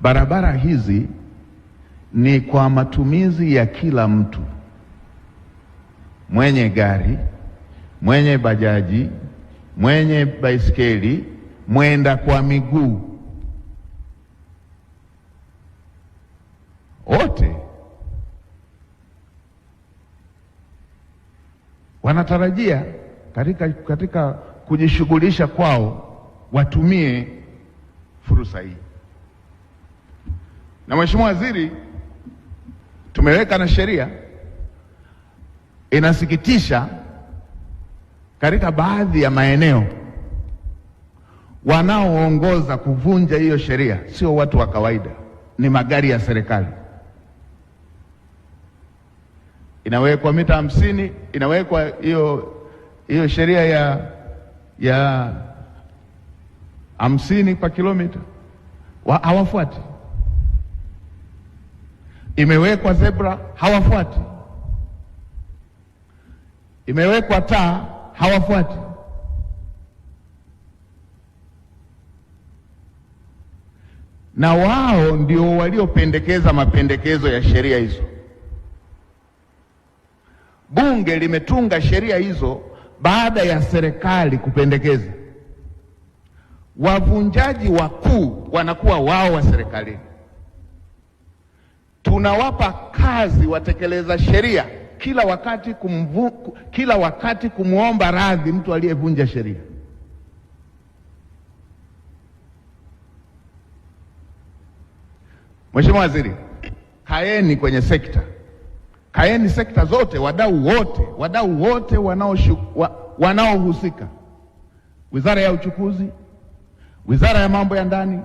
Barabara hizi ni kwa matumizi ya kila mtu, mwenye gari, mwenye bajaji, mwenye baisikeli, mwenda kwa miguu, wote wanatarajia katika, katika kujishughulisha kwao watumie fursa hii na Mheshimiwa Waziri, tumeweka na sheria. Inasikitisha, katika baadhi ya maeneo wanaoongoza kuvunja hiyo sheria sio watu wa kawaida, ni magari ya serikali. Inawekwa mita hamsini, inawekwa hiyo hiyo sheria ya ya hamsini kwa kilomita, hawafuati Imewekwa zebra hawafuati, imewekwa taa hawafuati. Na wao ndio waliopendekeza mapendekezo ya sheria hizo. Bunge limetunga sheria hizo baada ya serikali kupendekeza. Wavunjaji wakuu wanakuwa wao wa serikalini tunawapa kazi watekeleza sheria kila wakati kumvu, kila wakati kumwomba radhi mtu aliyevunja sheria. Mheshimiwa Waziri, kaeni kwenye sekta, kaeni sekta zote, wadau wote, wadau wote wanaohusika, wizara ya uchukuzi, wizara ya mambo ya ndani,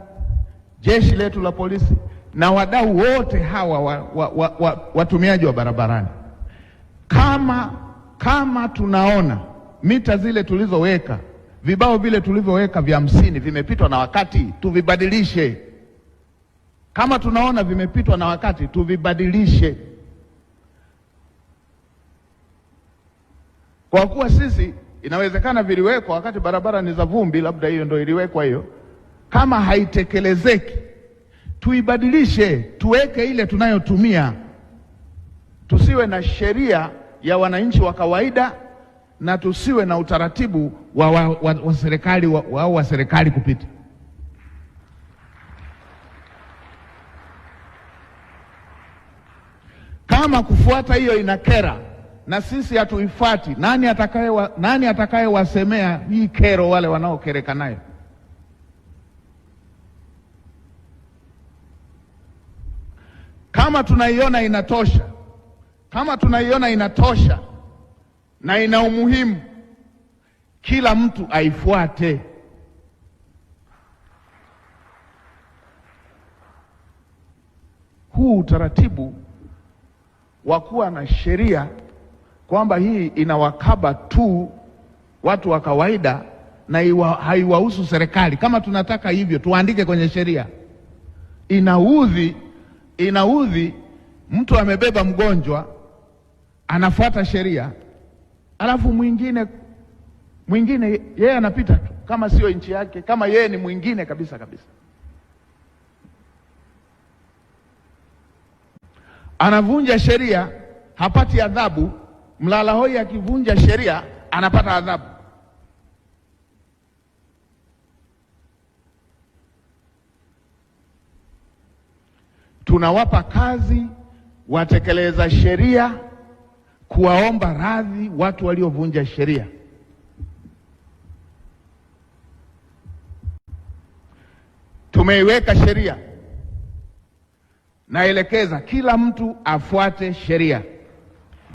jeshi letu la polisi na wadau wote hawa wa, wa, wa, wa, watumiaji wa barabarani, kama kama tunaona mita zile tulizoweka, vibao vile tulivyoweka vya hamsini vimepitwa na wakati, tuvibadilishe. Kama tunaona vimepitwa na wakati, tuvibadilishe, kwa kuwa sisi inawezekana viliwekwa wakati barabara ni za vumbi, labda hiyo ndio iliwekwa hiyo. Kama haitekelezeki tuibadilishe, tuweke ile tunayotumia. Tusiwe na sheria ya wananchi wa kawaida na tusiwe na utaratibu wa, wa, wa, wa serikali wa, wa, wa serikali kupita. Kama kufuata hiyo inakera na sisi hatuifuati, nani atakayewasemea nani atakaye hii kero wale wanaokereka nayo? Kama tunaiona inatosha, kama tunaiona inatosha na ina umuhimu, kila mtu aifuate. Huu utaratibu wa kuwa na sheria kwamba hii inawakaba tu watu wa kawaida na haiwahusu serikali, kama tunataka hivyo tuandike kwenye sheria, inaudhi inaudhi mtu amebeba mgonjwa anafuata sheria, alafu mwingine mwingine yeye anapita tu kama sio nchi yake, kama yeye ni mwingine kabisa kabisa, anavunja sheria hapati adhabu. mlala hoi akivunja sheria anapata adhabu. tunawapa kazi watekeleza sheria kuwaomba radhi watu waliovunja sheria. Tumeiweka sheria, naelekeza kila mtu afuate sheria.